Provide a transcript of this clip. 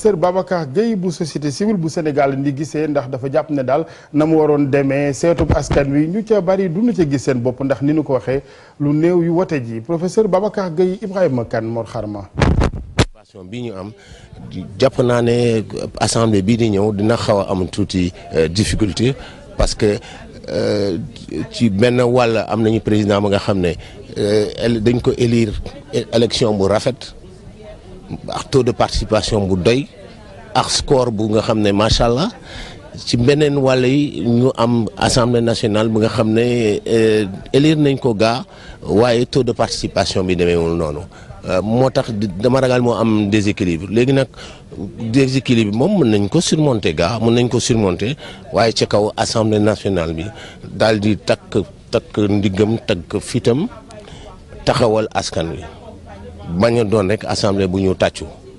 professeur Babacar Gueye bu société civile bu Sénégal ndi gisee ndax dafa jàpp ne daal na mu waroon demee seetub askan wi ñu ca bari dund ca gis seen bopp ndax ni nu ko waxee lu néew yu wote ji professeur Babacar Gueye Ibrahima Kane Mor Xarma situation bi ñu am jàpp naa ne assemblée bii di ñëw dina xaw a am tuuti euh, difficulté parce que euh, ci benn wàll am nañu président ba nga xam ne euh, dañ ko élire élection bu rafet ak taux de participation bu doy ak score bu nga xam ne macha allah ci beneen wàll yi ñu am assemblée nationale bu nga xam ne euh, élire nañ ko gaa waaye taux de participation bi demeewul noonu euh, moo tax dama ragal moo am déséquilibre léegi nag déséquilibre moom mën nañ ko surmonter gaa mun nañ ko surmonter waaye ci kaw assemblée nationale bi daal di takk takk ndiggam takk fitam taxawal askan wi. bañ a doon rek assemblée bu ñu tàccu